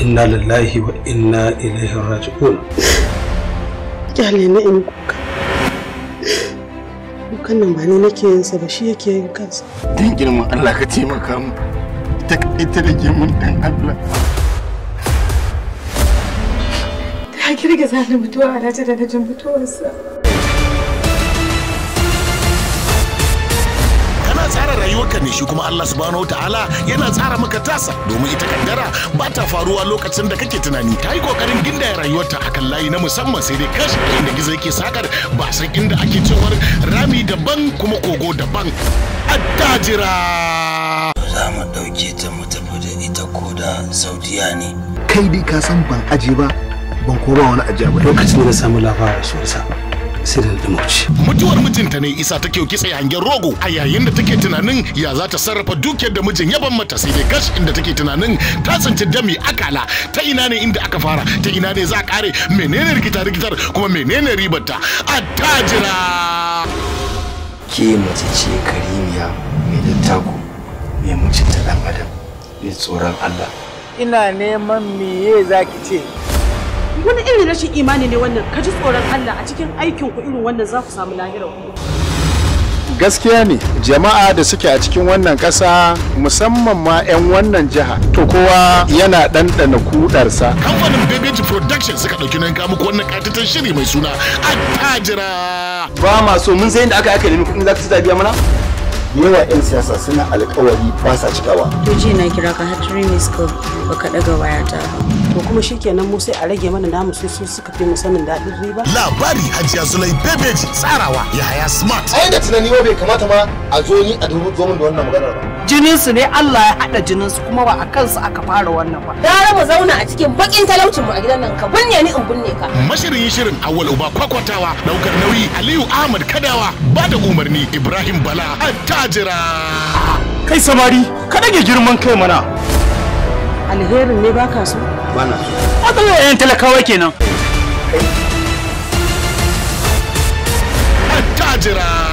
inna lillahi wa inna ilaihi raji'un kyale na in kuka kukan nan ba ne nake yin sa ba shi yake yin kansa dan girman Allah ka taimaka mu ta ita da girman dan Allah ta girgiza ni mutuwa alhaji da na jin mutuwarsa rayuwarka ne shi kuma Allah subhanahu ta'ala yana tsara maka tasa domin ita kaddara ba ta faruwa lokacin da kake tunani ta yi kokarin gindaya rayuwarta akan layi na musamman sai dai kashi inda gizo yake sakar ba san inda ake cewar rami daban kuma kogo daban attajira za mu ɗauke ta mu tafi da ita ko da saudiya ne kai dai ka san ban aje ba ban koma wani ajiya ba lokacin da na samu labarin sa sai da dumauci. Mutuwar mijinta ne isa ta kyau kitse hangen rogo a yayin da take tunanin ya za ta sarrafa dukiyar da mijin ya ban mata sai dai gash inda take tunanin ta tsinci dami akala ta ina ne inda aka fara ta ina ne za a kare menene rikita rikitar kuma menene ribarta a tajira. Ke mace ce karimiya mai dattako mai mijinta dan adam mai tsoron Allah. Ina neman za zaki ce. wani irin rashin imani ne wannan ka ji tsoron Allah a cikin aikin ku irin wannan za ku samu lahira gaskiya ne jama'a da suke a cikin wannan ƙasa musamman ma 'yan wannan jiha to kowa yana ɗanɗana kudarsa kamfanin bebeji production suka ɗauki nan kamu ko wannan ƙatatar shiri mai suna tajira ba ma so mun zai da aka aka nemi kuɗin za ka ci biya mana yawa 'yan siyasa suna alkawari ba sa cikawa to ji na kira ka hatari miss baka ɗaga wayata ba to kuma shikenan mu sai a rage mana namu su su suka fi mu sanin daɗin riba labari hajiya zulai bebeji tsarawa yaya smart ai da tunani bai kamata ma a zo ni a dubu zo da wannan maganar ba jinin su ne Allah ya haɗa jinin su kuma ba a kansu aka fara wannan ba gara mu zauna a cikin bakin talaucin mu a gidan nan ka binne ni in binne ka mashirin shirin awwal uba kwakwatawa daukar nauyi Aliyu Ahmad Kadawa ba da umarni Ibrahim Bala attajira kai samari ka dage girman kai mana alherin ne baka so ba na so matsalar yan talakawa kenan attajira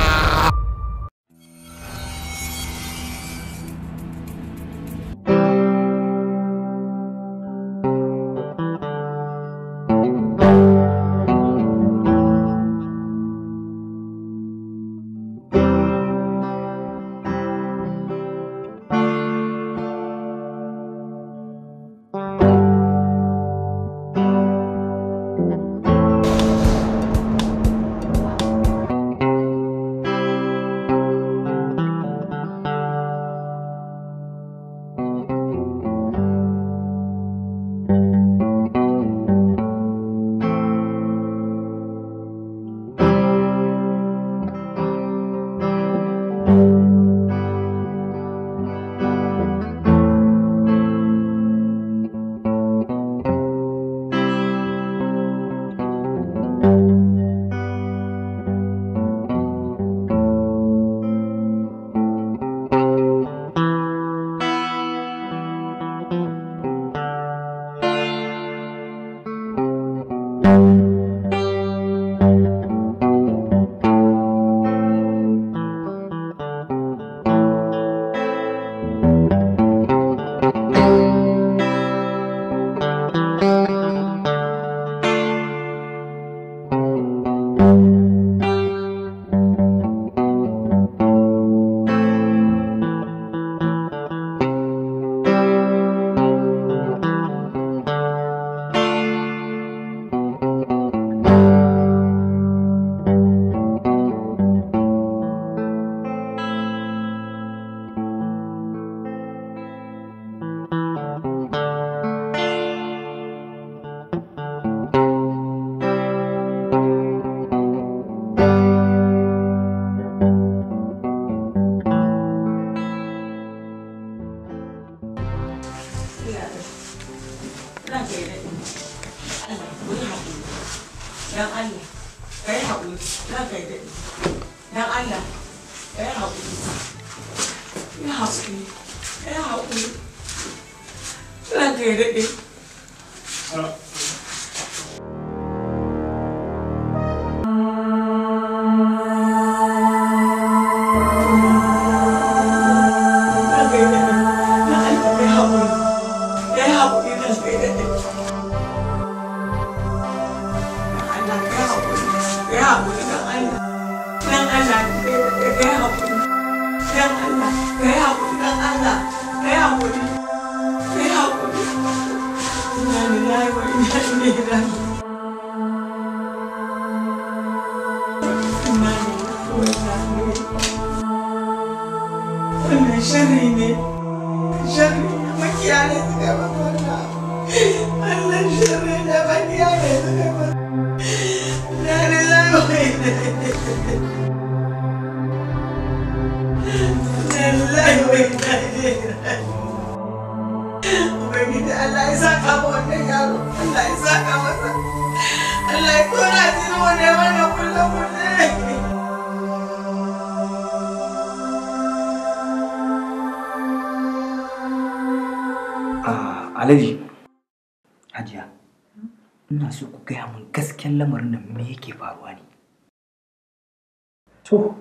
To,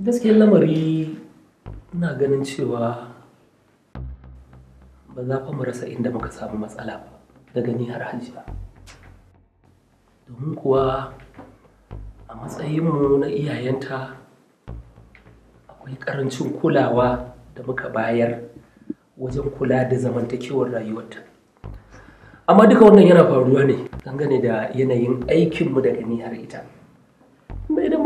gaskiyar lamari ina ganin cewa ba za fa mu rasa inda muka samu matsala ba daga ni har hajiya. Domin kuwa a matsayinmu na iyayenta akwai ƙarancin kulawa da muka bayar wajen kula da zamantakewar rayuwarta. Amma duka wannan yana faruwa ne dangane da yanayin aikinmu daga ni har ita.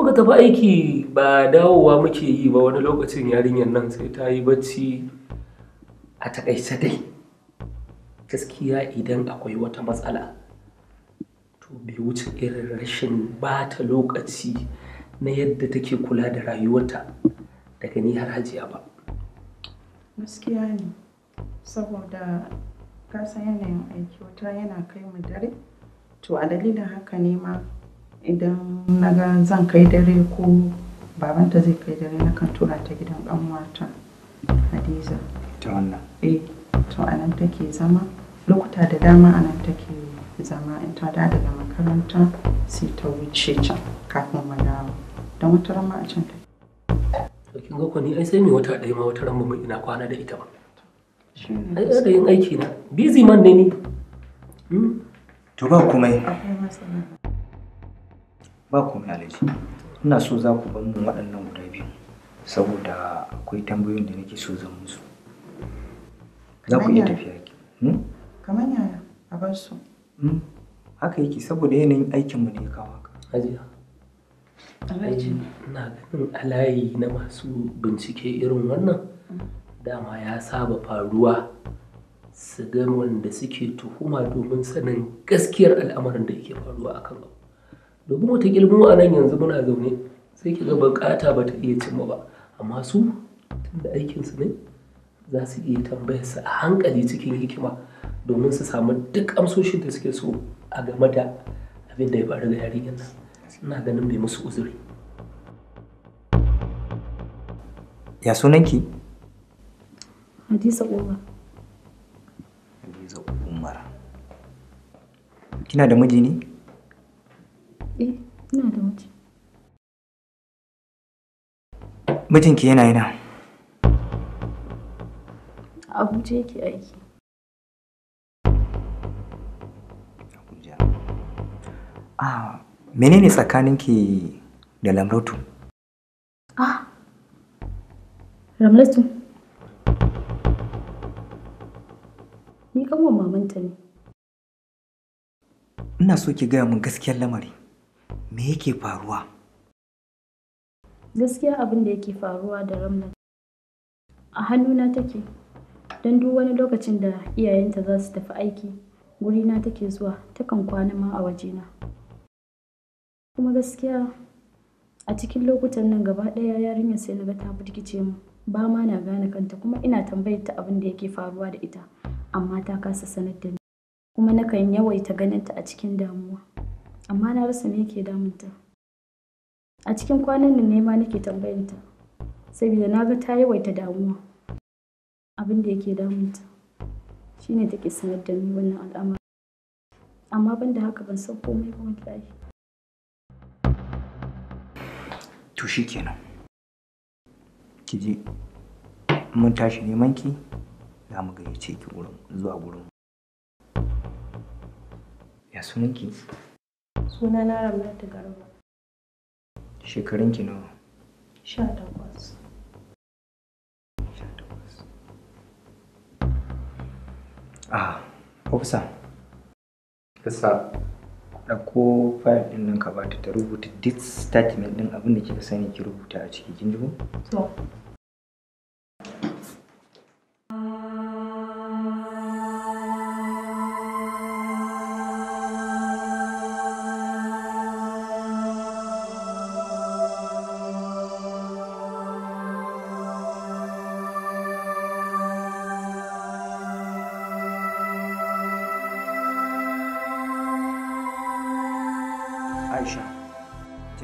muka tafi aiki ba dawowa muke yi ba wani lokacin yarinyar nan sai ta yi bacci a takaice dai gaskiya idan akwai wata matsala to bai wuce irin rashin bata lokaci na yadda take kula da rayuwarta daga ni har hajiya ba gaskiya ne saboda kasan yanayin aiki wata yana kai mu dare to a dalilin haka ne ma idan na ga zan kai dare ko babanta zai kai dare na kan tura ta gidan ƙanwata hadiza ta wannan eh to a nan take zama lokuta da dama a nan take zama in ta da daga makaranta sai ta wuce can kafin ma dawo don wata rama a can take kin ga kwani ai sai me wata ɗaya ma wata rama ina kwana da ita ba ai da yin aiki na busy man ne ni hmm? to ba komai akwai matsala ba komai alaji ina so za ku ban waɗannan guda biyu saboda akwai tambayoyin da nake so zan musu za ku iya tafiya ki hmm? kamar yaya a bar su hmm? haka yake saboda yanayin aikinmu ne ya kawo haka hajiya ina ganin alayi na masu bincike irin wannan dama ya saba faruwa su ga wanda suke tuhuma domin sanin gaskiyar al'amarin da yake faruwa akan abu domin wata mu a nan yanzu muna zaune sai ki ga bukata ba ta iya cimma ba amma su tunda aikinsu ne za su iya tambayar su a hankali cikin hikima domin su samu duk amsoshin da suke so a game da abin da ya faru da yarinyar nan ina ganin bai musu uzuri ya sunan ki. Hadiza Umar hadisa Umar kina da miji ne Eh, ina da miji. Mijinki yana yana. Abuja yake aiki. Abuja. Ah, menene tsakaninki da Lamrotu? Ah, Lamrotu. Ni kanwa mamanta ne. Ina so ki gaya min gaskiyar lamari. me yake faruwa gaskiya abin da yake faruwa da ramla a hannuna take don duk wani lokacin da iyayenta za su tafi aiki gurina take zuwa takan kwana ma a wajena kuma gaskiya a cikin lokutan nan gaba ɗaya yarinyar sai na ga ta burkice mu ba ma na gane kanta kuma ina tambayar ta abin da yake faruwa da ita amma ta kasa sanar da ni kuma nakan yawaita ganin ta a cikin damuwa amma na rasa me yake damunta a cikin kwanan nan ne ma nake tambayanta saboda na ga ta yawaita damuwa abin da yake damunta shine take sanar da ni wannan al'amari amma ban da haka ban san komai ba wallahi to shikenan ki je mun tashi neman ki za mu gayyace ki wurin zuwa gurin ya ki. Suna na Garba. Shekarun ki nawa? Sha takwas. Ah, ofisa. ɗauko fayil ɗin nan ka ba ta rubuta duk statement ɗin abin da kika sani ki rubuta a ciki kin ji ko?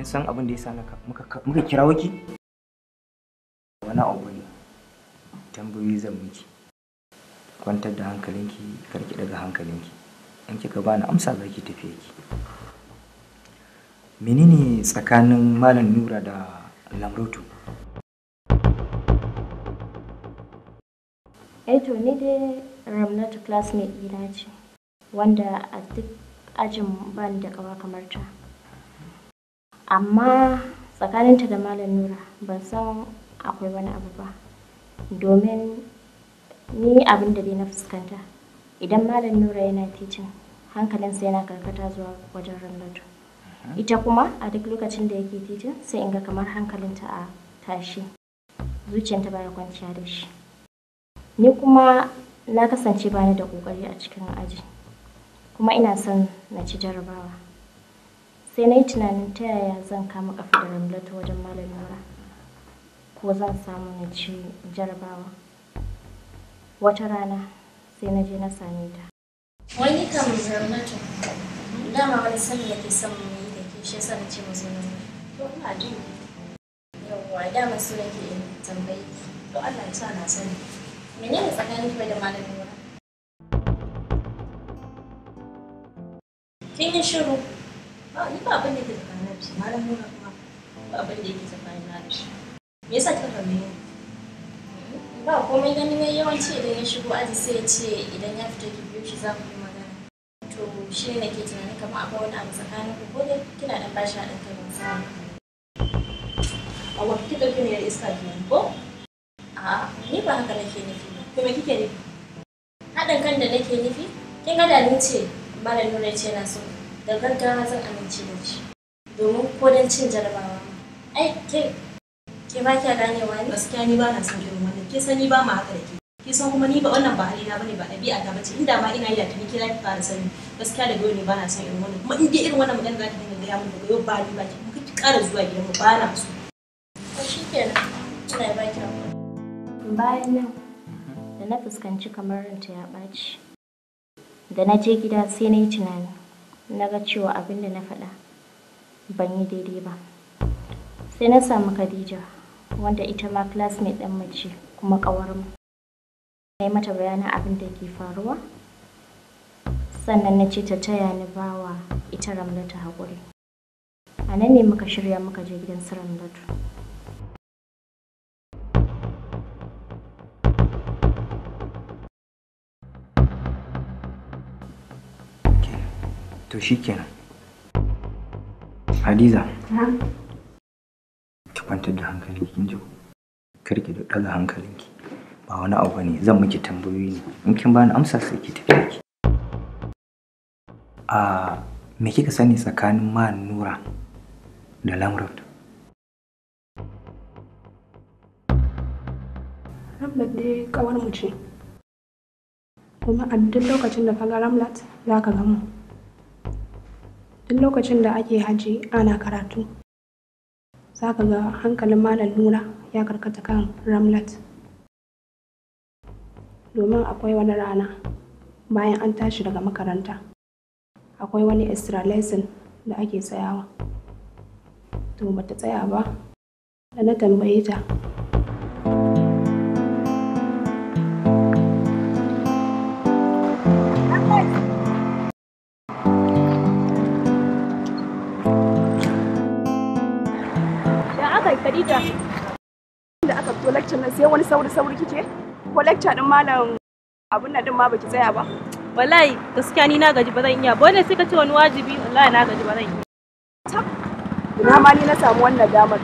san abin da ya sa muka kirawo ki wani abu ne tambayi zan miki kwantar da hankalinki karki daga hankalinki in kika bani amsa za ki tafiye ki menene tsakanin malam nura da lamroto eh to ni dai ramnatu classmate gida ce wanda a duk ajin ban da kawa kamar ta amma tsakaninta da malam nura ban san akwai wani abu ba domin ni abin da dai na fuskanta idan malam nura yana titin hankalinsa yana karkata zuwa wajen ramlatu mhm. ita kuma a duk lokacin da yake titin sai in ga kamar hankalinta a tashi zuciyanta baya kwanciya da shi ni kuma na kasance bani da kokari a cikin aji kuma ina son na ci jarabawa sai na yi tunanin ta yaya zan kama kafa da ramlata wajen malamin ko zan samu na ci jarabawa wata rana sai na je na same ta wani kam ramlata dama wani sani yake son mu yi da ke shi yasa na ce mazo na to ina jin yawwa dama su ke tambayi to Allah ya sa na sani menene tsakanin kuma da malamin nura kin yi shiru ba ni ba abin da yake tsakanin da shi malam nuna kuma ba abin da yake tsakanin na da shi me yasa kika kame ni ba komai ganin yayi yawanci idan ya shigo aji sai ya ce idan ya fita ki biyo shi za ku yi magana to shi ne nake tunanin kamar akwai wani abu tsakanin ku ko dai kina dan bashi haɗin kai a wata kika kina yar iska kenan ko a'a ni ba haka nake nufi ba kuma kike nufi haɗin kan da nake nufi kin ga da ni ce malam nuna ce na so da gaggawa zan amince da shi domin ko cin jarabawa ai ke ke ba kya ganewa ne gaskiya ni ba na son irin wannan ke san ni ba ma haka da ke ki san kuma ni ba wannan ba halina bane ba ɗabi'a ta bace inda ma ina yi da tuni kira ki fara sani gaskiya da dole ba na son irin wannan kuma in dai irin wannan magana za ta dinga gaya min daga yau ba ni ba ki kuma ki ƙara zuwa gidan mu ba na so to shikenan ina ba ki bayan nan da na fuskanci kamar ranta ya ɓaci da na je gida sai na yi tunani na ga cewa abin da na faɗa ban yi daidai ba sai na samu khadija wanda ita ma classmate ɗan mace kuma ƙawarmu na yi mata bayanin abin da ke faruwa sannan na ce ta taya ni bawa ita ramlata haƙuri a nan ne muka shirya muka je gidan su ramlatu to shikenan hadiza ki kwantar da hankali kin ji Karki da ɗaga hankalinki ba wani abu bane zan miki tambayoyi ne in kin bani amsa sai ki tafi ki a me kika sani tsakanin Man nura da lamrod Ramlat dai kawar mu ce. Kuma a duk lokacin da ka ga Ramlat za ka gamu. duk lokacin da ake hajji ana karatu za ka ga hankalin malam nura ya karkata kan ramlat domin akwai wani rana bayan an tashi daga makaranta akwai wani extra lesson da ake tsayawa to bata tsaya ba da na tambaye ta Khadija da aka fito lecture nan sai wani sauri sauri kike ko lecture din malam abun nan din ma baki tsaya ba wallahi gaskiya ni na gaji ba zan iya ba sai ka ce wani wajibi wallahi na gaji ba zan iya ina ma ni na samu wannan damar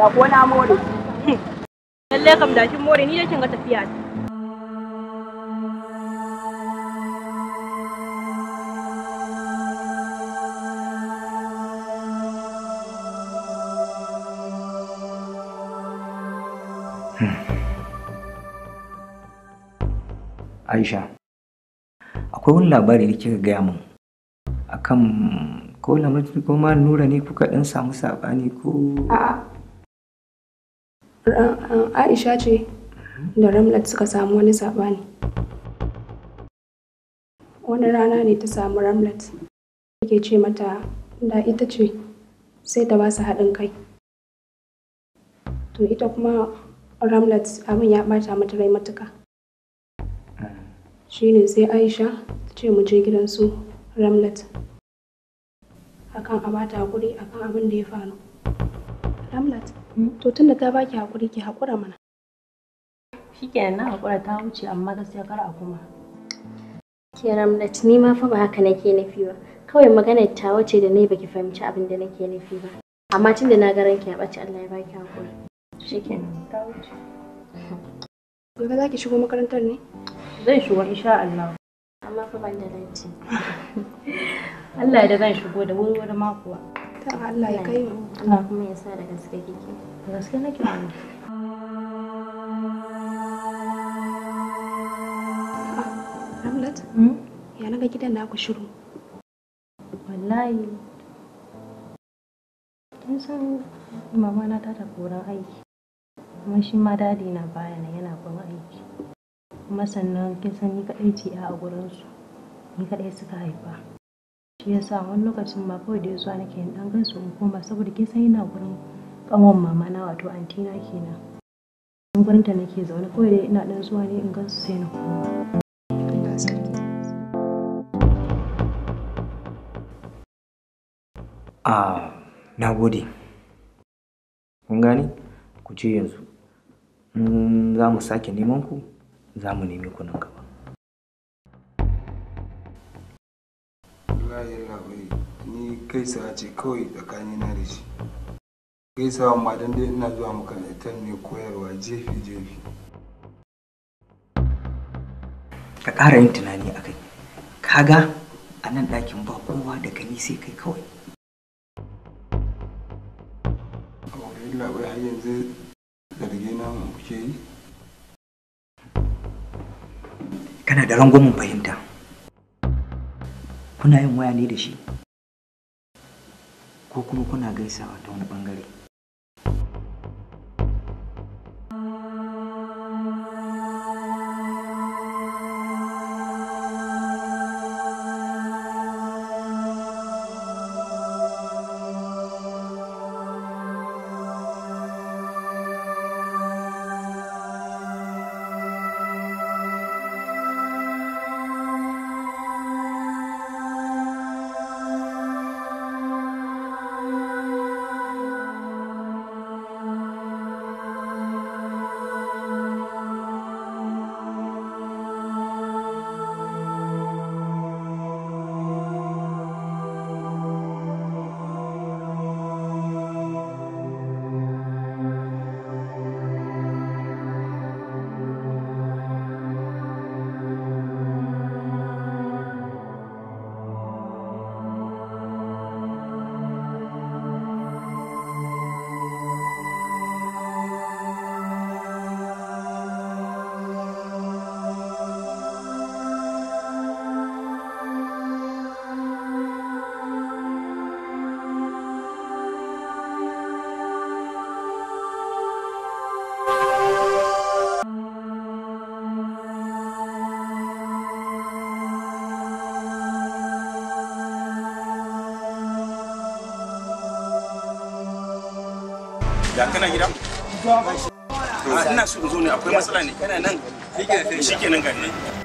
da ko na more lalle kam da kin more ni ne kin ga tafiya ta aisha akwai wani labari da kika gaya min akan ko lamarci ko ma nura ne kuka dan samu sabani ko A'a aisha ce mhm. da ramlat suka samu wani sabani wani rana ne ta samu ramlat take ce mata da ita ce sai ta ba su haɗin kai to ita kuma ramlet abin ya ɓata mata rai matuka Shi ne sai Aisha ta ce mu je gidan su A Akan a bata hakuri akan abin da ya faru. ramlet hmm? to tunda ta baki hakuri ki hakura mana. Shikenan na hakura ta wuce amma gaskiya kar a kuma. Ke ramlet ni ma fa ba haka nake nufi ba. Kawai magana ta wace da ni baki fahimci abin da nake nufi ba. Amma tunda na ga ranki ya ɓaci Allah ya baki hakuri. Shikenan ta wuce. Gobe za ki shigo makarantar ne? zan shigo insha Allah amma fa ban da latti Allah da zan shigo da wuri wani makuwa. ta Allah ya kai mu Allah kuma ya sa da gaske kike gaske nake mu Ramlat, hmm? ya ga gidan naku shiru. Wallahi, kin san mama na ta tafi wurin aiki, kuma shi ma dadi na baya yana gun aiki. kuma sannan kin san ni kaɗai ce a su ni kaɗai suka haifa shi yasa wani lokacin ma kawai da yasa nake yin ɗan gansu in koma saboda kin san ina gurin ƙanwan mama na wato antina kenan in gurin ta nake zaune kawai dai ina ɗan zuwa ne in gansu sai na koma a ah, na gode. Kun gane? Ku ce yanzu. za mu sake neman ku za mu nemi ku nan gaba wallahi labari ni gaisa ce kawai tsakani na da shi gaisawa ma dan dai ina zuwa makarantar ne koyarwa jefi jefi ka ƙara yin tunani a kai kaga a nan ɗakin ba kowa da gani sai kai kawai labai har yanzu zargi na kuke yi kana da rangwamin fahimta kuna yin waya ne da shi ko kuma kuna gaisawa ta wani bangare da kana gida ah, ina so in zo ne akwai matsala ne kana nan shikenan ga ne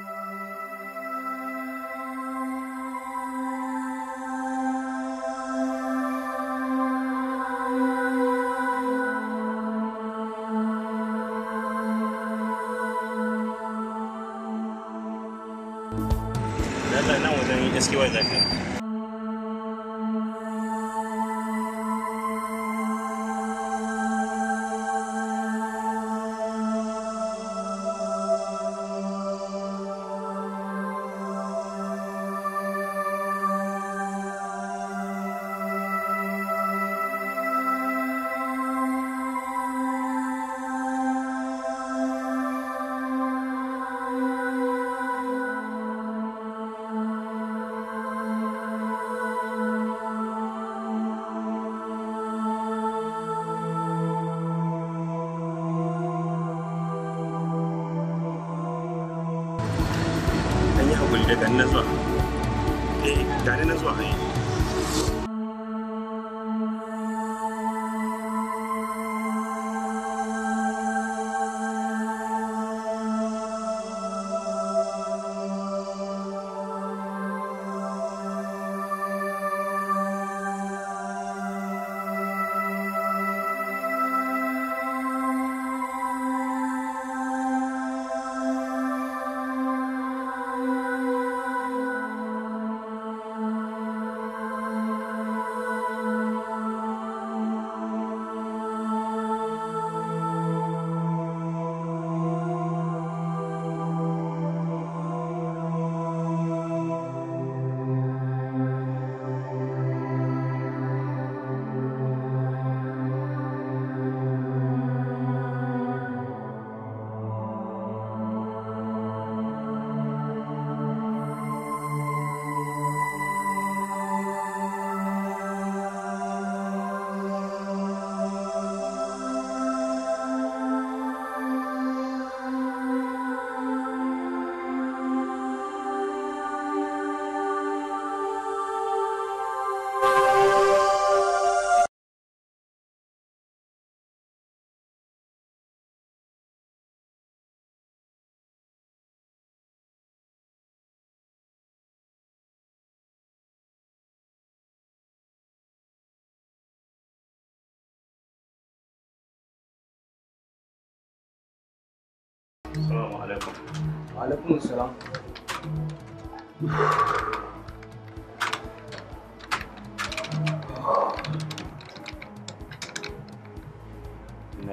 alaikum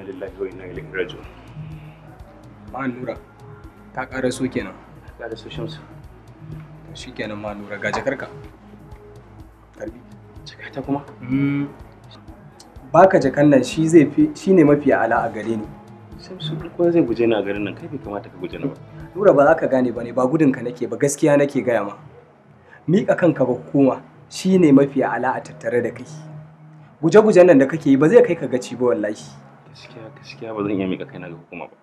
lillahi wa inna ilaihi raji'un ma nura ta ƙara so kenan ta ƙara so shamsu to kenan ma nura ga jakarka karbi Jakarta kuma hmm. baka jakan nan shi zai fi shine mafi ala a gare ni shamsu ko zai guje ni a garin nan kai bai kamata ka guje ni ba Nura ba za ka gane ba ne ba gudunka nake ba gaskiya nake gaya ma. Miƙa kanka ba koma shi ne mafi ala a tattare da kai. Guje-gujen nan da kake yi ba zai kai ka gaci ba wallahi. Gaskiya gaskiya ba zan iya miƙa kaina ga hukuma ba.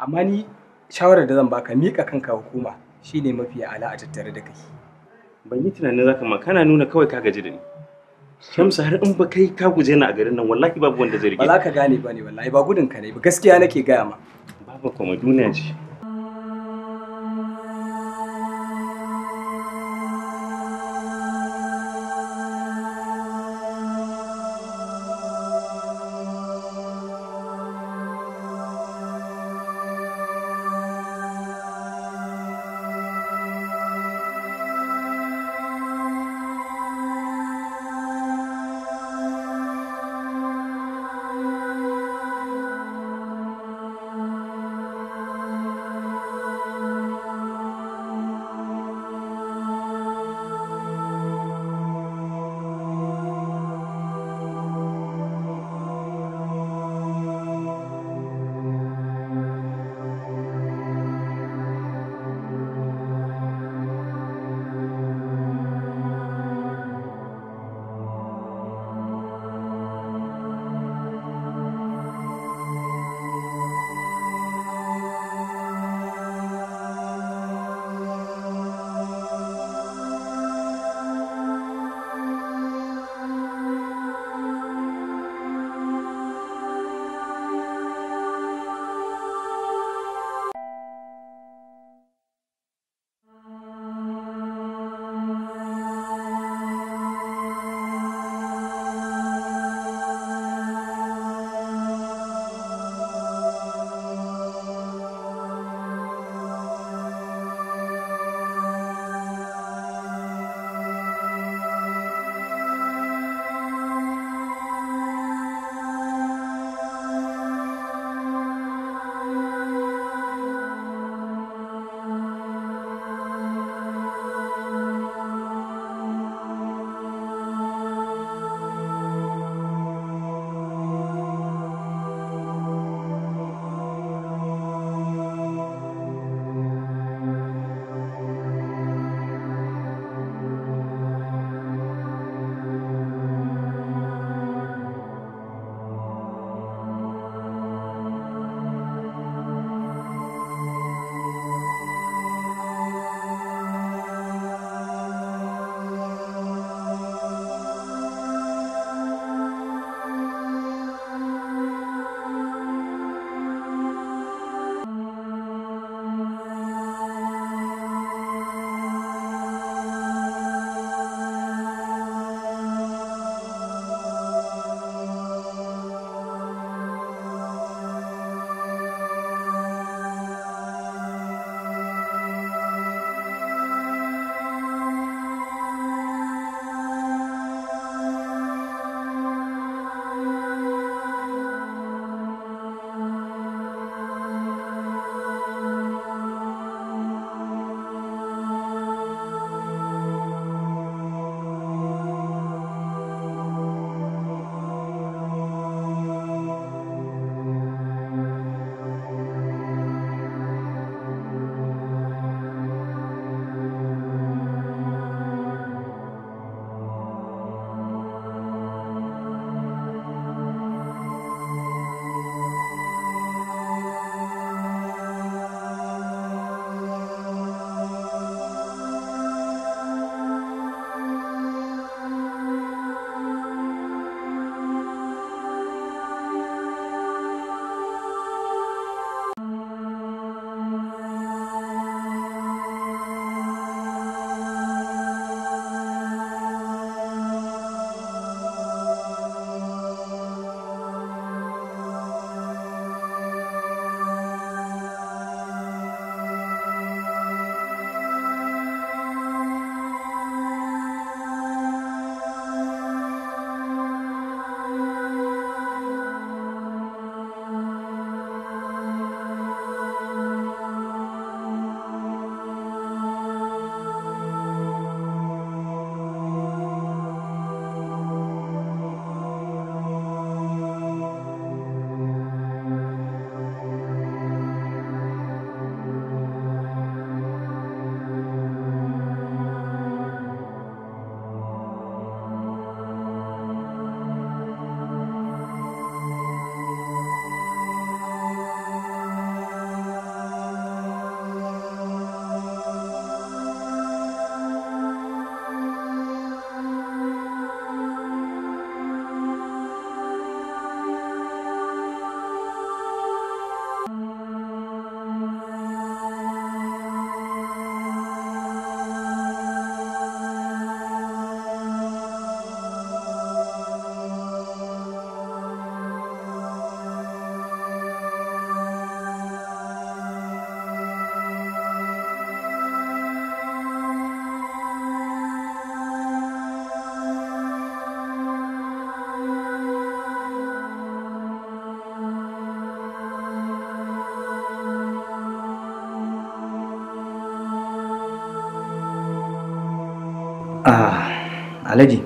Amma ni shawarar da zan baka miƙa kanka hukuma shi ne mafi ala a tattare da kai. Ban yi tunanin zaka ma kana nuna kawai ka gaji da ni. Shamsu har in ba kai ka guje ni a garin nan wallahi babu wanda zai rike. Ba za ka gane ba ne wallahi ba gudunka ne ba gaskiya nake gaya ma. Babu kuma duniya ce. Alhaji,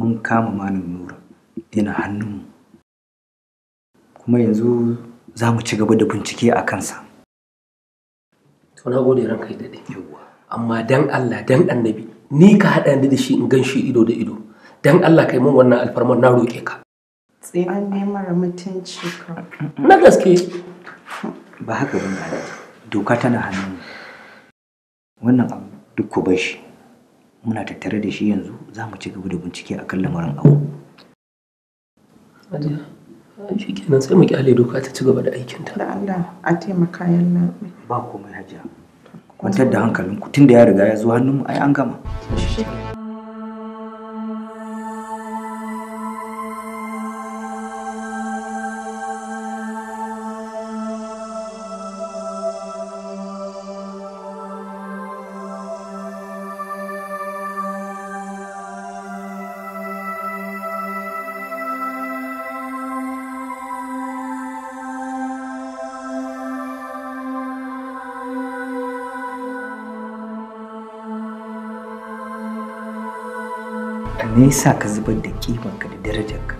mun kama malam Nura yana hannun Kuma yanzu za mu ci gaba da bincike a kansa. To na gode ranka da daɗe. Amma dan Allah dan annabi ni ka haɗa ni da shi in gan ido da ido. Dan Allah kai mun wannan alfarman na roƙe ka. Sai an nemar mutunci ka. Na gaske. Ba haka ba Doka tana hannun. Wannan abu duk ko bai shi. muna tattare da shi yanzu za mu ci gaba da bincike a kan lamarin abu. shi kenan sai mu kyale doka ta ci gaba da aikinta. Da Allah a taimaka yalla. Ba komai hajiya. Kwantar da hankalinku tun da ya riga ya zo hannunmu ai an gama. yasa ka zubar da kimanka da darajarka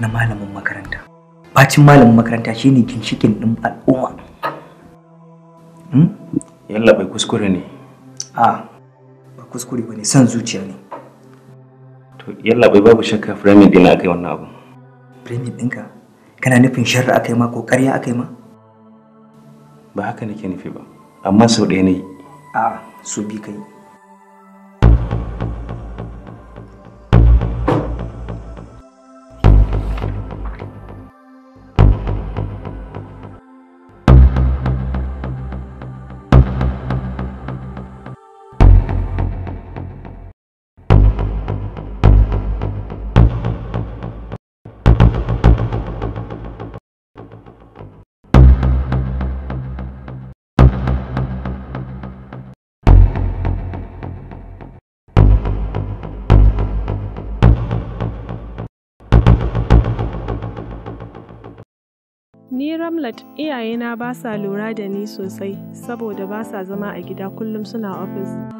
na malamin makaranta bacin malamin makaranta shine ginshikin din al'umma hmm? yalla bai kuskure ne a ba kuskure bane san zuciya ne to yalla bai babu shakka framing din akai wannan abu framing ɗinka kana nufin sharri akai ma ko ƙarya akai ma ba haka nake nufi ba amma sau ɗaya ne a su bi kai iyayena ba sa lura da ni sosai saboda ba sa zama a gida kullum suna ofis.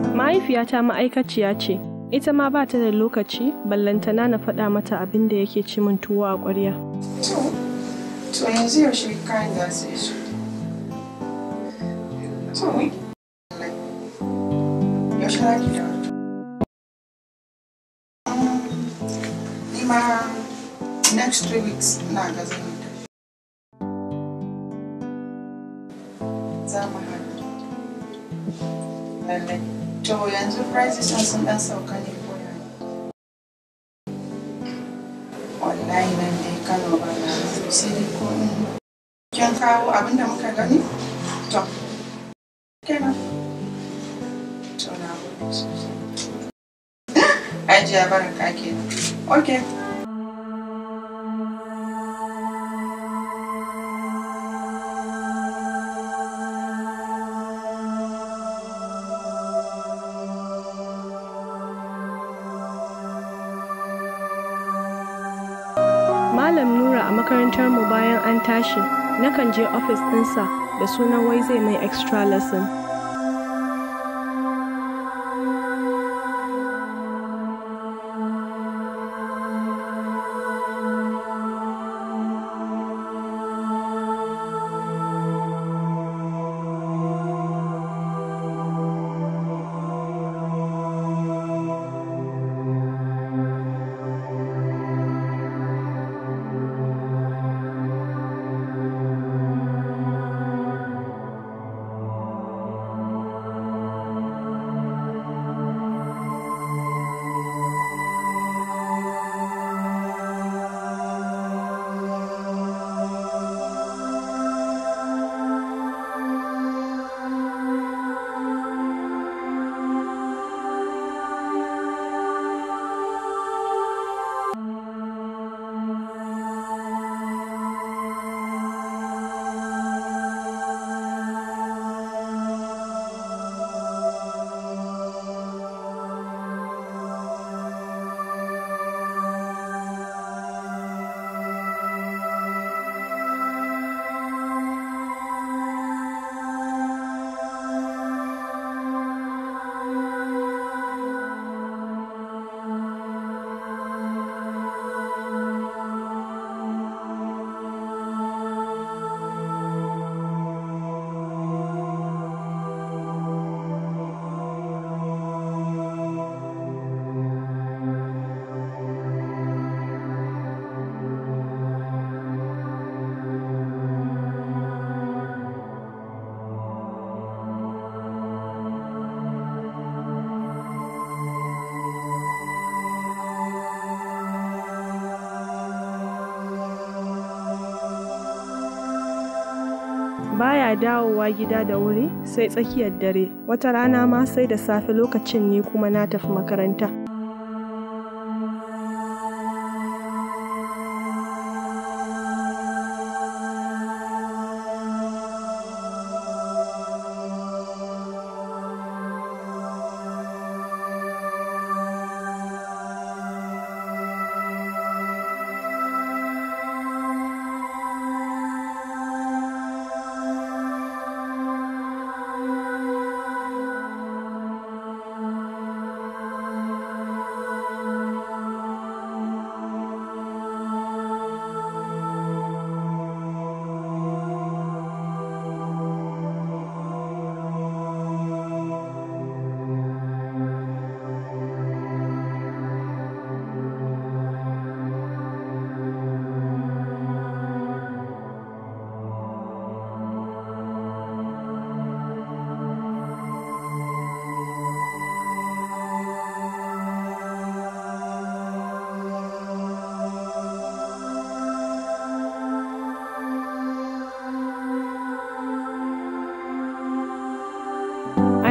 Mahaifiyata ma'aikaciya ce, ita ma ba ta da lokaci ballantana na faɗa mata abin da yake ci min tuwo a ƙwarya. To, yanzu yaushe kayan za su To, lokacin sun ɗan sauka ne ko ya wallahi nan dai kano ba na sai dai ko kin kawo abin da muka gani to kenan to na gode sosai ajiya barin ka kenan okay je ofis ɗinsa da sunan wai zai mai extra lesson. dawowa gida da wuri sai tsakiyar dare, wata rana ma sai da safe lokacin ni kuma na tafi makaranta.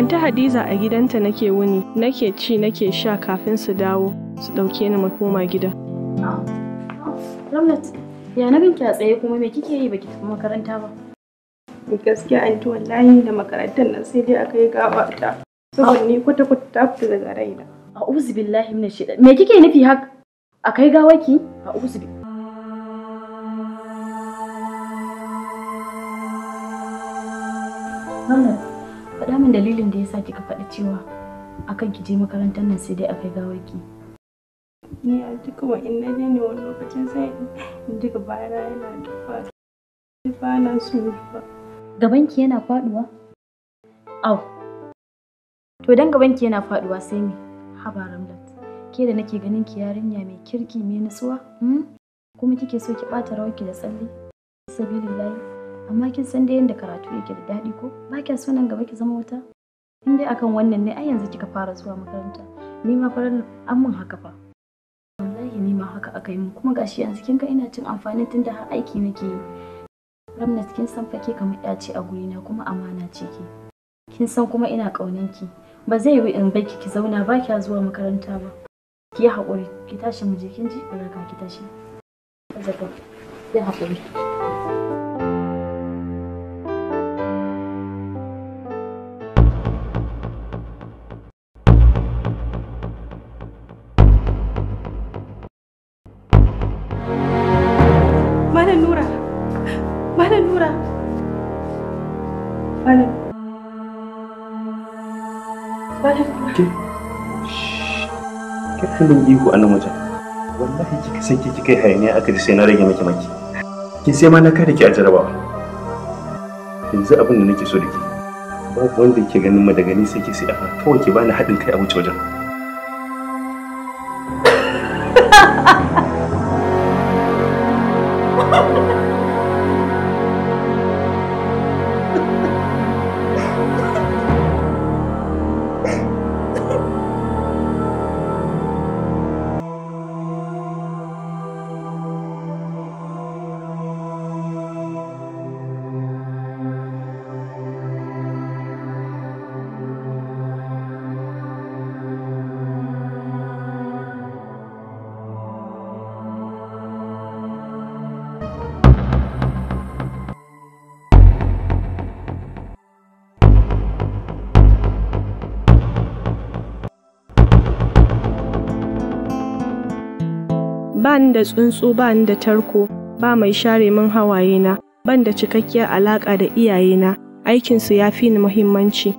anta Hadiza a gidanta nake wuni, nake ci nake sha kafin su dawo su ɗauke ni makoma gida. Ramlat, ya na ganki a tsaye kuma me kike yi baki tafi makaranta ba? ni Gaskiya an anti wallahi da makarantar nan sai dai aka yi gaba ta. Saboda ni kwata kwata ta fita daga raina. A'udhu billahi minash shaitan. Me kike nufi haka? Akai ki? A'udhu billahi Ramlat, dalilin da yasa kika faɗi cewa akan ki je makarantar nan sai dai a kai gawarki ni a duk wa in naje ne wani lokacin sai in duka bayana yana dufa ba na so Gaban ki yana faduwa au to dan ki yana faduwa sai me Haba lat ke da nake ganin ki yarinya mai kirki mai nutsuwa hmm? kuma kike so ki bata rawarki da tsalle sabilillahi amma kin san dai yadda karatu yake da daɗi ko ba kya so nan gaba ki zama wata in dai akan wannan ne ai yanzu kika fara zuwa makaranta ni ma farar an mun haka fa wallahi ni ma haka aka yi mu kuma gashi yanzu kin ga ina cin amfani tunda har aiki nake yi Ramnas kin san fa ke kamar ya ce a na kuma amana ce ke kin san kuma ina ƙaunan ki ba zai yi in baki ki zauna ba kya zuwa makaranta ba ki yi haƙuri ki tashi mu je kin ji ka ki tashi ki haƙuri Ke? Ke kai min ihu a nan wajen. Wallahi kika san ki kai hayaniya aka ji sai na rage miki maki. Ki sai ma na kada ki a jarabawa. Yanzu abin da nake so da ki. Babu wanda ke ganin madagani sai ki sai a kawai ki bani haɗin kai a wuce wajen. da tsuntsu ba ni da tarko ba mai share min hawayena. ban da cikakkiyar alaƙa da iyayena aikinsu ya fi ni muhimmanci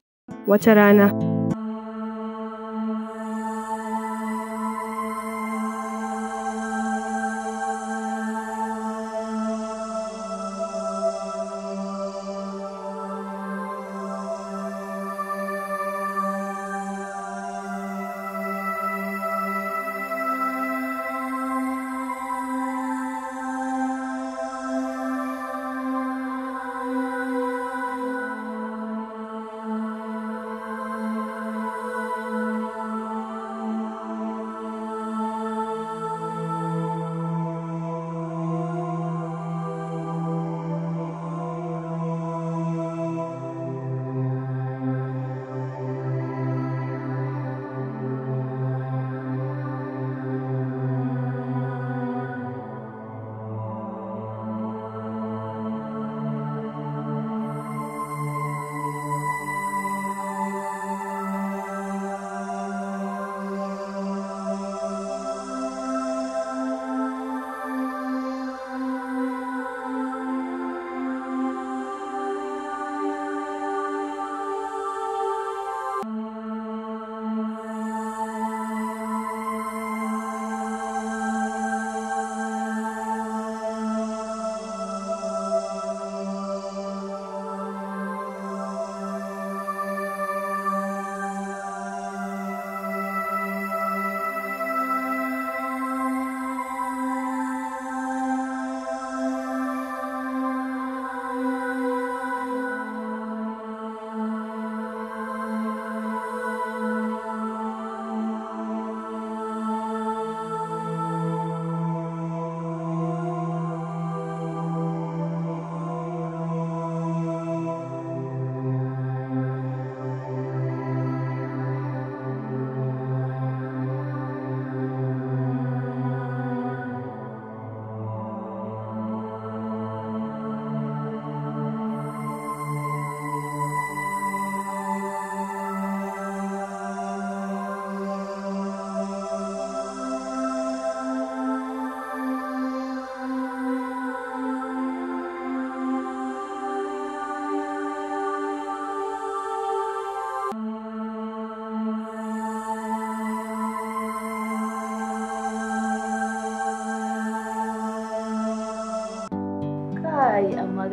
wata rana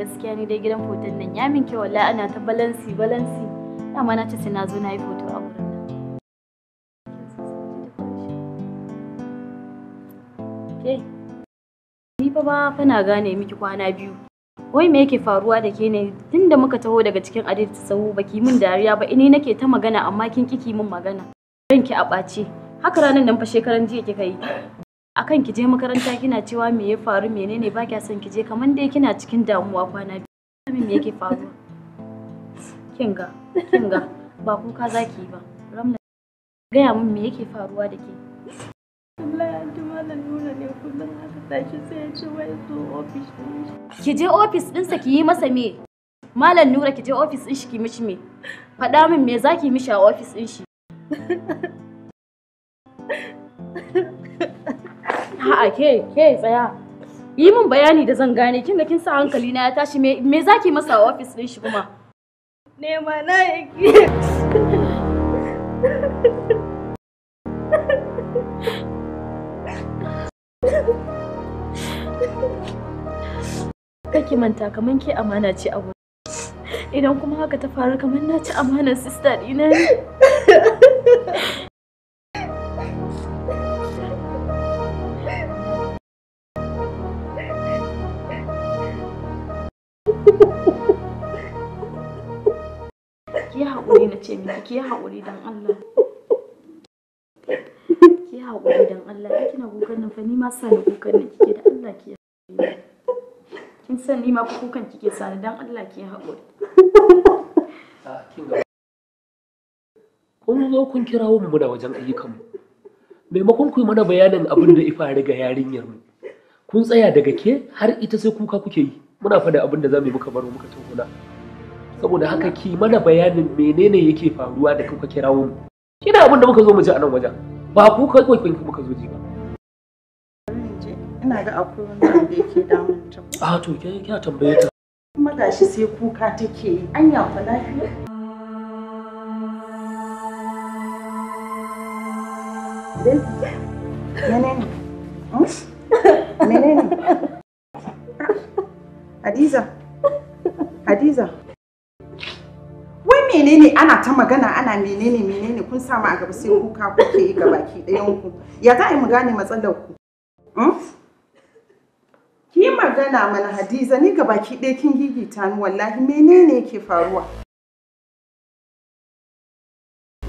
gaskiya ni dai gidan foton nan ya min kyau wallahi ana ta balansi balansi dama na ce sai na zo na yi foto a wurin nan ke ni fa ba fa na gane miki kwana biyu wai me yake faruwa da ke ne tunda muka taho daga cikin adalci sahu baki min dariya ba ini nake ta magana amma kin kiki min magana ranki a ɓace haka ranar nan fa shekaran jiya kika yi akan ki je makaranta kina cewa me ya faru menene ba kya son ki je kaman dai kina cikin damuwa kwana biyu me yake faruwa kinga kinga ba kuka zaki ba ramna gaya min me yake faruwa da ke malam ne kullum sai ya wai shi ki je office din sa ki yi masa me malam nura ki je office din shi ki mishi me faɗa min me zaki mishi a office din shi A'a ke ke tsaya. Yi min bayani da zan gane kin da kin sa hankali na ya tashi me zaki masa a ofis din shi kuma? Nema na yake. Kake manta kaman ke amana ce a Idan kuma haka ta faru kaman na ci amanar sister ɗina Allah ki yi haƙuri don Allah ki yi haƙuri don Allah ki na kukan nan fa ni ma sa ni kukan nan kike da Allah ki haƙuri kin san ni ma kukan kike sa ni don Allah ki yi haƙuri kun zo kun kira mu muna wajen ayyukanmu maimakon ku yi mana bayanin abin da ifa riga yarinyar mu kun tsaya daga ke har ita sai kuka kuke yi muna fada abin da za mu yi muka baro muka tuhuna saboda haka ki mana bayanin menene yake faruwa da kuka kira mu shine abin da muka zo mu ji a nan wajen ba ku kai kai kin muka zo ji ba ina ga akwai wanda yake damun ta a to ke kya tambaye ta kuma gashi sai kuka take anya fa lafiya menene menene Hadiza Hadiza ana ta magana ana menene menene kun sama a gaba sai kuka kuke yi gabaki ɗayan ku ya za a yi mu gane matsalar ku hmm? ki magana mana hadiza ni gabaki ɗaya kin gigita ni wallahi menene yake faruwa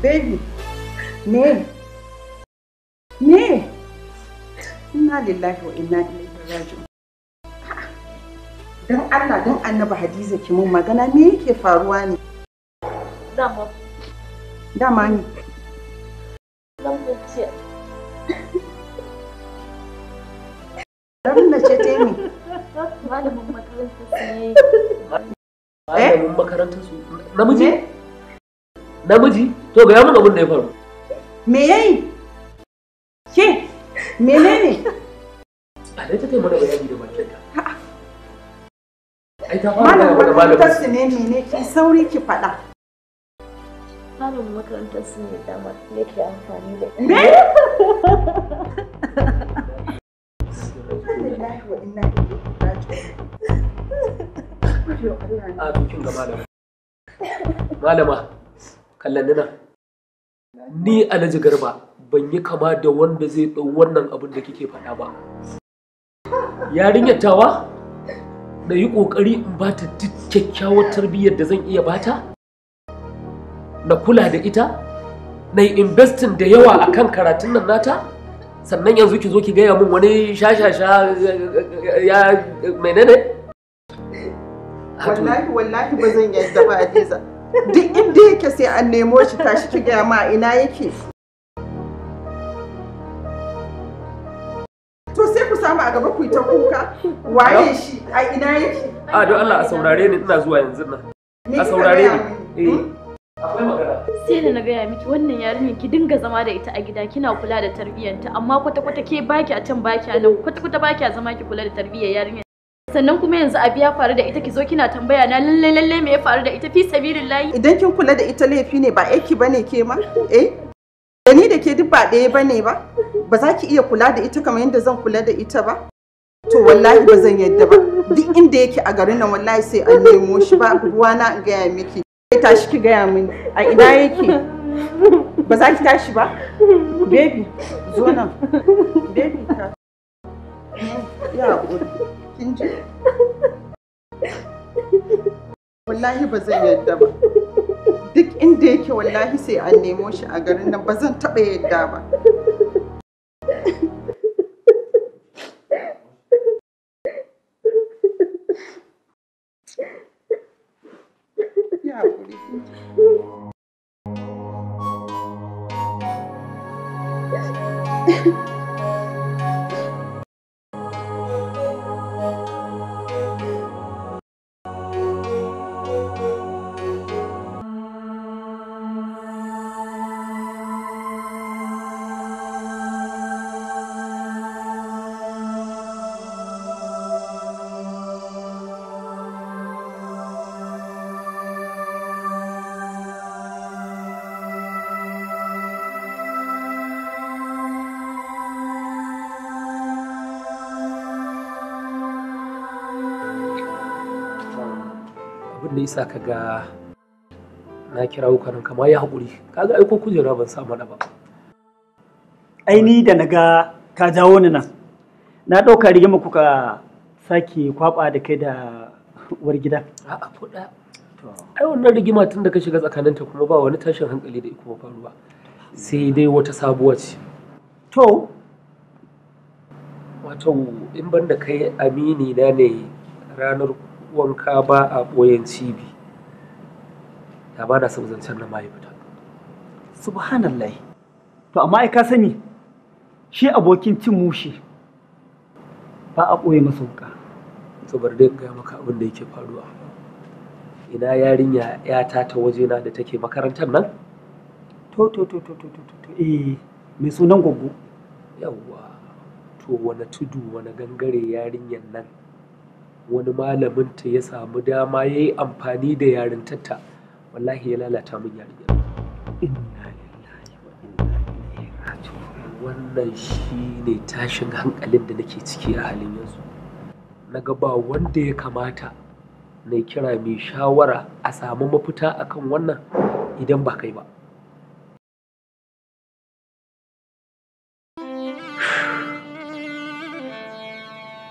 baby me me inna lillahi wa inna ilaihi raji'un dan Allah dan annabi hadiza ki mun magana me yake faruwa ne Dama. Dama ne. Ramna ce. Ramna ce ta ne. Malamin makarantar su ne. Malamin eh? makarantar su. Namiji? Namiji? To ga yamin abin da ya faru. Me yayi? Ke? Menene? Alai ta taimaka bayani da bakinta. Ai ta malamin. makarantar su ne mene ki sauri ki faɗa. Tsarin makarantar su ne yake amfani da A bikin ga malama. Malama, kallon nuna. Ni Alhaji Garba ban yi kama da wanda zai ɗau wannan abin da kike faɗa ba. Yarinyar tawa, na yi ƙoƙari in ba ta duk kyakkyawar tarbiyyar da zan iya bata? na kula da ita na investin da yawa a kan karatun nan nata sannan yanzu ki zo ki gaya min wani shashasha ya menene wallahi wallahi ba zan yadda ba jesa? duk inda yake sai an nemo shi tashi ki gaya ma ina yake to sai ku samu a gaba ku yi ta kuka waye shi a ina yake a don Allah a saurare ni ina zuwa yanzu nan a saurare ni eh hmm? akwai magana sai da na gaya miki wannan yarinyar ki dinga zama da ita a gida kina kula da tarbiyyanta amma kwata kwata ke baki a can baki a nan kwata kwata baki a zama ki kula da tarbiyyar yarinyar sannan kuma yanzu abi ya faru da ita ki zo kina tambaya na lalle lalle me ya faru da ita fi layi. idan kin kula da ita laifi ne ba aiki bane ke ma eh da eh, ni da ke duk ba ɗaya bane ba ba za ki iya kula da ita kamar yadda zan kula da ita ba to wallahi ba zan yadda ba duk inda yake a garin nan wallahi sai an nemo shi ba ruwana in gaya miki tashi ki gaya mini a ina yake ba za ki tashi ba baby zo nan baby ta ya haƙuri kin ji wallahi ba zan yadda ba duk inda yake wallahi sai an nemo shi a garin nan ba zan taɓa yadda ba yi haƙuri yasa ka ga na kira wukanin kamar ya haƙuri kaga aiko kujera ban samu na ba ni da na ga ka jawo ni nan na ɗauka rigima kuka sake kwaba da kai da uwar gida a'a kuɗa ai wannan rigima tun da ka shiga tsakaninta kuma ba wani tashin hankali da kuma faruwa sai dai wata sabuwa ce to wato in banda kai amini na ne ranar wanka ba a ɓoyen cibi da ba da zancen na mahaifita subhanallah to amma ai ka sani shi abokin cin mushi ba a ɓoye masa wuka saboda dai ga maka abin da yake faruwa ina yarinya ya ta ta waje na da take makarantar nan to to to to to to eh mai sunan gogo yawwa to wani tudu wani gangare yarinyar nan wani malaminta ya samu dama ya yi amfani da yarintarta wallahi ya lalata min yarinyar wannan shi ne tashin hankalin da nake ciki a halin yanzu na gaba wanda ya kamata na kira mai shawara a samu mafita akan wannan idan ba kai ba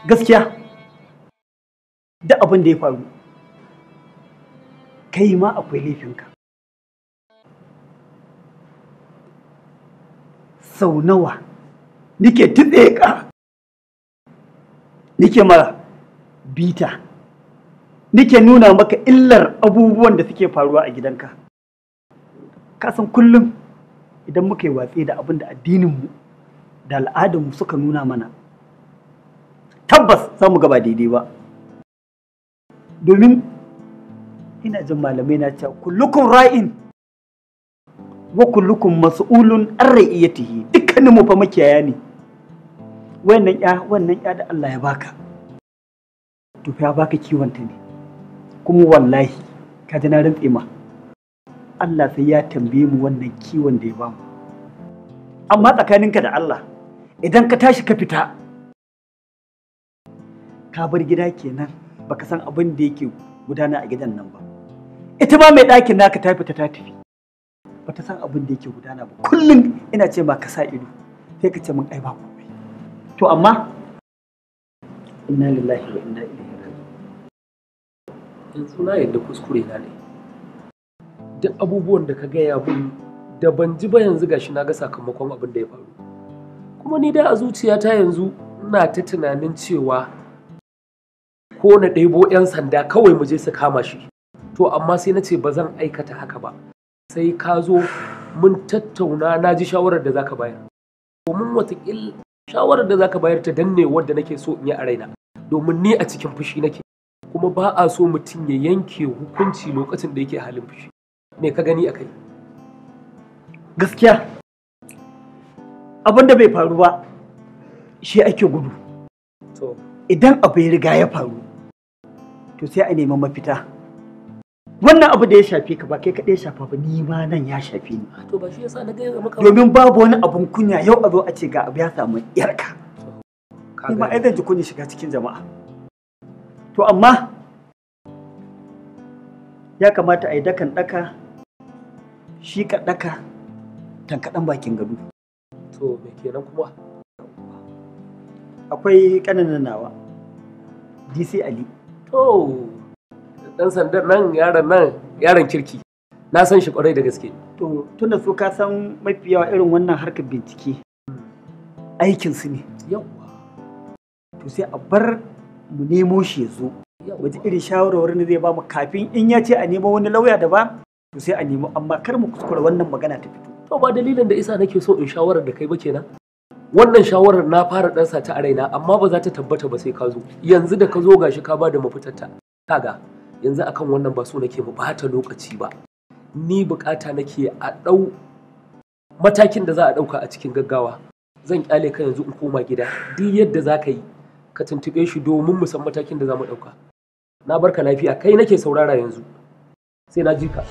gaskiya da abin da ya faru kai ma akwai laifinka sau nawa nike tutse ka nike mara bita nike nuna maka illar abubuwan da suke faruwa a gidanka kasan kullum idan muka yi watsi da abin da addininmu da al'adunmu suka nuna mana tabbas za mu gaba daidai ba domin ina jin malamai na cewa kullukun ra'in wa kullukun mas'ulun an ra'iyatihi dukkanin mu fa makiyaya ne wannan ya wannan ya da Allah ya baka to fa ya baka kiwon ta ne kuma wallahi ka ji na rantse ma Allah sai ya tambaye mu wannan kiwon da ya bamu amma tsakaninka da Allah idan ka tashi ka fita ka bar gida kenan baka san abin da yake gudana a gidan nan ba ita ma mai ɗakin naka ta fita ta tafi bata san abin da yake gudana ba kullum ina ce ma ka sa ido sai ka ce min ai ba komai to amma inna lillahi wa inna ilaihi raji'un yanzu na yadda kuskure na ne duk abubuwan da ka gaya bin da ban ji ba yanzu gashi na ga sakamakon abin da ya faru kuma ni da a zuciyata yanzu ina ta tunanin cewa ko na ɗebo 'yan sanda kawai mu je su kama shi to amma sai na ce ba zan aikata haka ba sai ka zo mun tattauna na ji shawarar da zaka bayar domin watakil shawarar da zaka bayar ta danne wadda nake so in yi a raina domin ni a cikin fushi nake kuma ba a so mutum ya yanke hukunci lokacin da yake halin fushi me ka gani akai gaskiya abin da bai faru ba shi ake gudu idan abu ya riga ya faru to sai a nemi mafita wannan abu da ya shafe ka ba kai kaɗai shafa ba ni ma nan ya shafe ni to ba shi yasa na ga maka domin babu wani abun kunya yau a zo a ce ga abu ya samu yarka ni ma ai zan ji kunya shiga cikin jama'a to amma ya kamata a yi dakan daka shi ka daka tankaɗan bakin gado to me kenan kuma akwai ƙananan nawa dc ali to dan sandan nan yaron nan yaron kirki na san shi kwarai da gaske to tunda su ka san mafi yawa irin wannan harkar bincike aikin su ne yawa to sai a bar mu nemo shi ya zo waje irin shawarwarin da zai ba mu kafin in ya ce a nemo wani lauya da ba to sai a nemo amma kar mu kuskura wannan magana ta fito to ba dalilin da isa nake so in shawarar da kai ba kenan wannan shawarar na fara ɗansa ta a raina amma ba za ta tabbata ba sai ka zo yanzu da ka zo gashi ka ba da mafitarta kaga yanzu akan wannan ba so nake mu bata lokaci ba ni bukata nake a ɗau matakin da za a ɗauka a cikin gaggawa zan kyale ka yanzu in koma gida duk yadda za ka yi ka tuntuɓe shi domin mu san matakin da za mu ɗauka na barka lafiya kai nake saurara yanzu sai na ji ka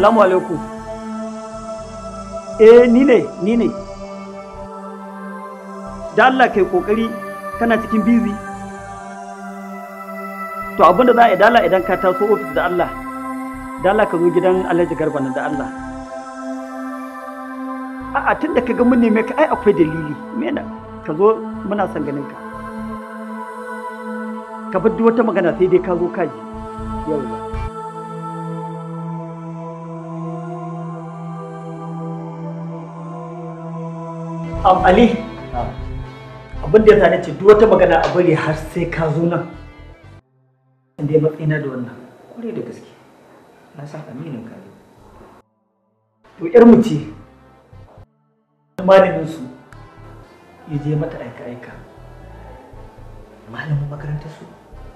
Assalamu alaikum eh ni ne ni ne da Allah kai kokari kana cikin busy to abinda za a yi dala idan ka taso ofis da Allah dala ka zo gidan Alhaji Garba nan da Allah a'a tun da ka ga mun neme ka ai akwai dalili mena ka zo muna son ganin ka ka bar duk wata magana sai dai ka zo ka ji yau Am Ali, abin da ya sani ce duk wata magana a bari har sai ka zo nan. Inda ya matsina da wannan, kure da gaske, na san aminin ka ne. To ƴarmu ce, su ya je mata aika-aika. Malamin makarantar su,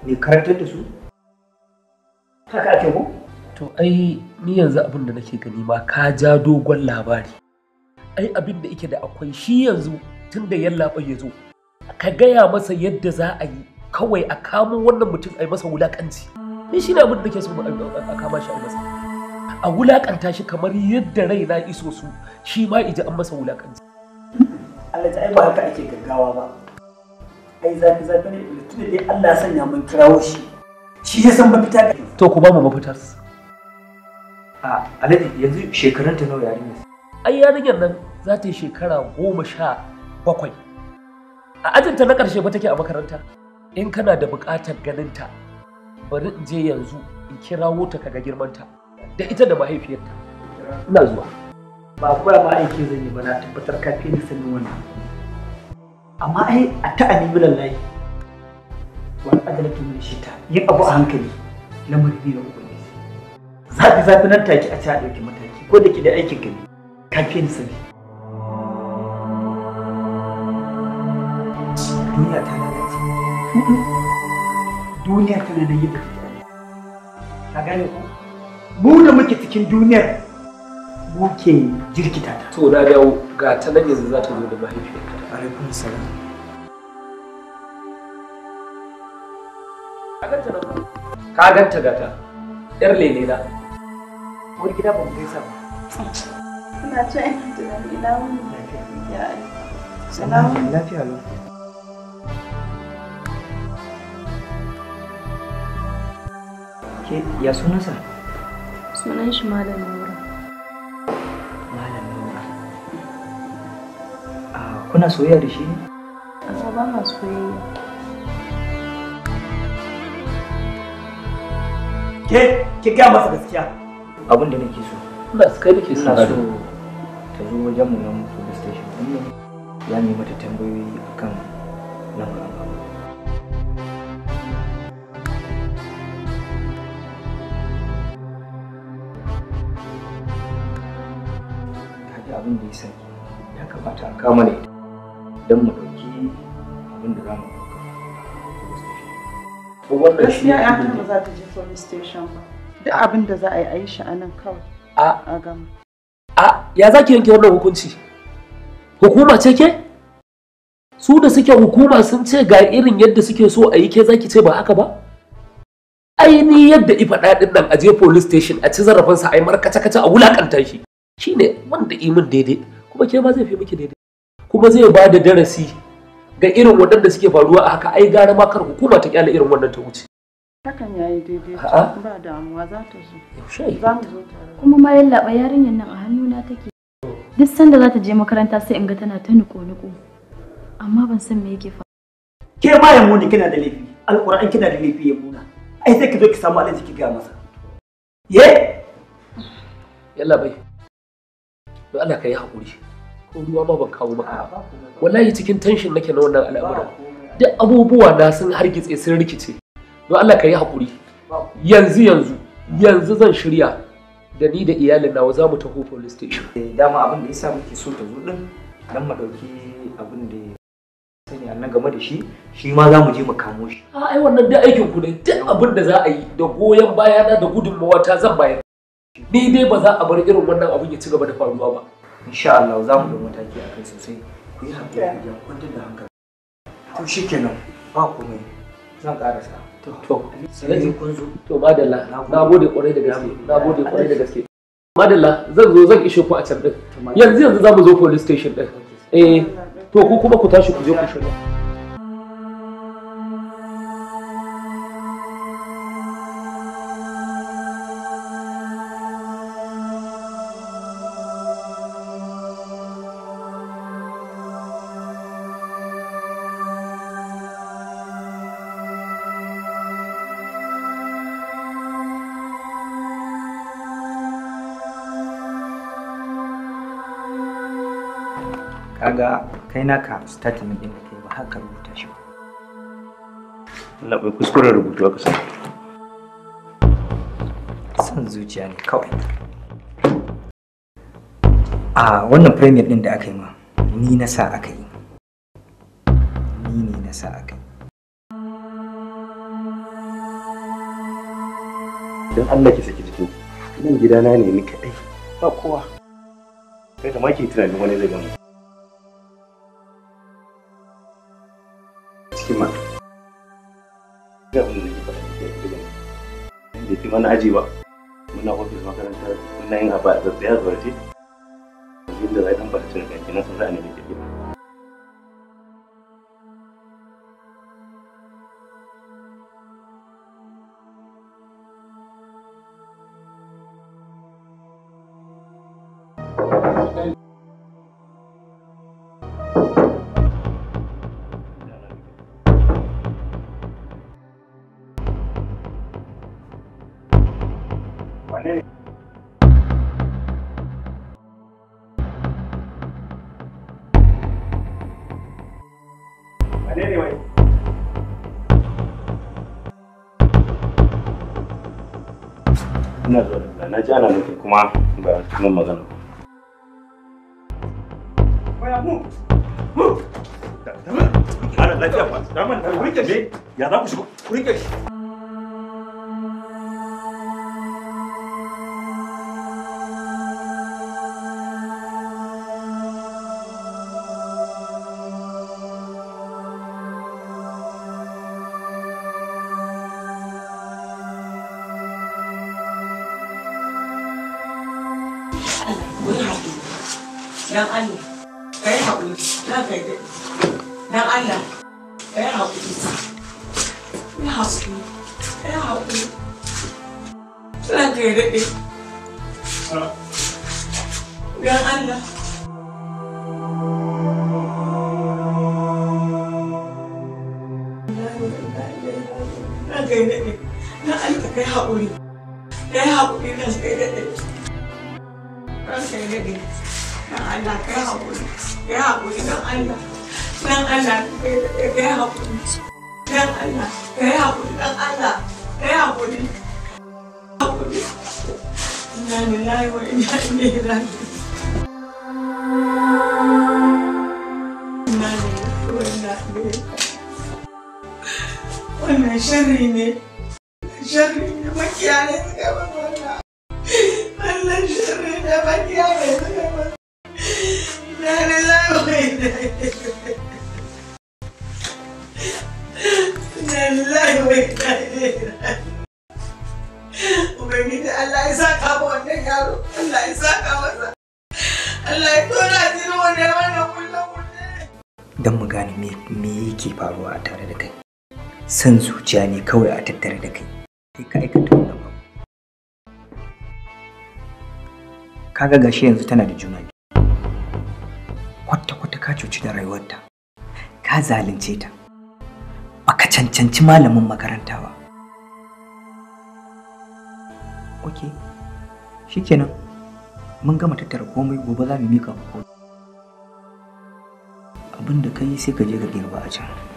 ne karantar da su? Haka ake ko? To ai ni yanzu abin da nake gani ma ka ja dogon labari. ai abin da ike da akwai shi yanzu tun da yallaɓa ya zo ka gaya masa yadda za a yi kawai a kamo wannan mutum a yi masa wulaƙanci ni shi ne abin da ke so a kama shi a masa a wulaƙanta shi kamar yadda rai na iso su shi ma iji an masa wulaƙanci Allah ta ai ba haka ake gaggawa ba ai zafi zafi ne tun da dai Allah ya sanya mun kirawo shi shi ya san mafita to ku ba mu mafitar a alaji yanzu shekarun ta nawa yarinya ai yarinyar nan za ta yi shekara goma sha bakwai a ajinta na ƙarshe ba take a makaranta in kana da buƙatar ganinta bari in je yanzu in kirawo ta kaga girmanta da ita da mahaifiyarta ina zuwa ba kuwa ma aiki zan yi ba na tabbatar ka fi sanin wannan amma ai a nemi lallai, wani adalatu ne shi ta yin abu a hankali lamarin ne na ubangiji zafi zafi nan take a ci a ɗauki mataki ko da ke da aikin gani ka fi ni sani duniya ta lalace duniya tana nan yadda take ka gane ko mu da muke cikin duniyar muke jirkita ta to na dawo ga ta nan yanzu za ta zo da mahaifiyarka alaikum salam ka ganta gata yar lele na wani gida ba mu gaisa ba ina cewa ina tunanin ina wani lafiya lafiya lafiya Ke ya sunansa? Sunan shi Malam Nura. Malam Nura. Ah, kuna soyayya da shi? A'a ba ma soyayya. Ke ke gaya masa gaskiya. Abin da nake so. Ba su kai da ke so. Ina so ta zo wajen mu nan police station. Ya nemi mata tambayoyi akan lamarin abin da ya sani ya kamata a kama ne don mu ɗauki abin da za mu ɗauka shi ya ba za ta je police station ba duk abin da za a yi a yi shi a nan kawai a gama a ya za ki yanke wannan hukunci hukuma ce ke su da suke hukuma sun ce ga irin yadda suke so a yi ke zaki ce ba haka ba ainihin yadda ifa ɗaɗin nan a je police station a ci zarafinsa a yi markace-kace a wulakanta shi shine wanda imin daidai kuma ke ma zai fi miki daidai kuma zai ba da darasi ga irin waɗanda suke faruwa a haka ai gara makar hukuma ta kyale irin wannan ta wuce hakan ya yi daidai ba damuwa za ta zo za mu zo kuma ma yallaɓa yarinyar nan a hannuna take duk sanda za ta je makaranta sai in ga tana ta niko-niko amma ban san me yake faru ke ma ya muni kina da laifi alƙur'an kina da laifi ya muna ai sai ki zo ki samu alaji ki ga masa ye yalla bai to Allah ka yi haƙuri ko ruwa ma ban kawo maka ba wallahi cikin tension nake na wannan al'amura duk abubuwa na sun hargitse sun rikice don Allah ka yi haƙuri yanzu yanzu yanzu zan shirya da ni da iyalin nawa za mu taho police station eh, dama abin da yasa muke so ta zo din dan mu dauki abin da sani annan game da shi shi ma za mu je mu kamo shi a ai wannan da aikin ku ne duk abin da za a yi da goyon baya da gudunmawa ta zan bayar ni dai ba za a bar irin wannan abin ya ci gaba da faruwa ba insha Allah za mu da mataki a kai sosai ku yi haƙuri ya kwantar da hankali to shikenan ba komai zan karasa to to sai kun zo to madalla na gode kwarai da gaske na gode kwarai da gaske madalla zan zo zan ishe ku a can din yanzu yanzu za mu zo police station din eh to ku kuma ku tashi ku je ku shirya ga kai naka statement ɗin da kai ba haka rubuta shi ba. Allah bai kuskuren rubutu aka san. Son zuciya ne kawai. A wannan premier ɗin da aka yi ma ni na sa aka yi. Ni ne na sa aka yi. Don Allah ki saki jiki. Nan gidana ne ni kaɗai. Ba kowa. Kai da ma ke tunanin wani zai gano. hikima ga abin da ke mana aji ba muna ofis makarantar muna yin abu a tsaye a zuwarce da zai dan ba ta kanki na sun za a nemi tafiya ina zuwa da na ji ana nufin kuma ba mun magana ba mu! fa, ya za ku shigo, rike shi. kai daɗe na alka kai haƙuri na yi haƙuri na kai daɗe ran kai daɗe dan Allah kai haƙuri kai haƙuri dan Allah dan Allah kai daɗe kai haƙuri dan Allah kai haƙuri dan Allah kai haƙuri haƙuri inna lillahi haƙuri, inna ilaihi raji'un wallahi sharri ne sharri ne makiya ne suka ba wannan sharri ne makiya ne suka ba na ne Ubangiji Allah ya saka ma wannan yaro Allah ya saka masa Allah ya tona jini wannan wannan kullum kullum dan mu gane me yake faruwa tare da kai san zuciya ne kawai a tattare da kai kai ka aikata wannan abu kaga gashi yanzu tana da juna kwata kwata ka cuci da rayuwarta ka zalunce ta baka cancanci malamin makaranta ba ok shikenan mun gama tattara komai gobe za mu mika abin da ka yi sai ka je ka girba a can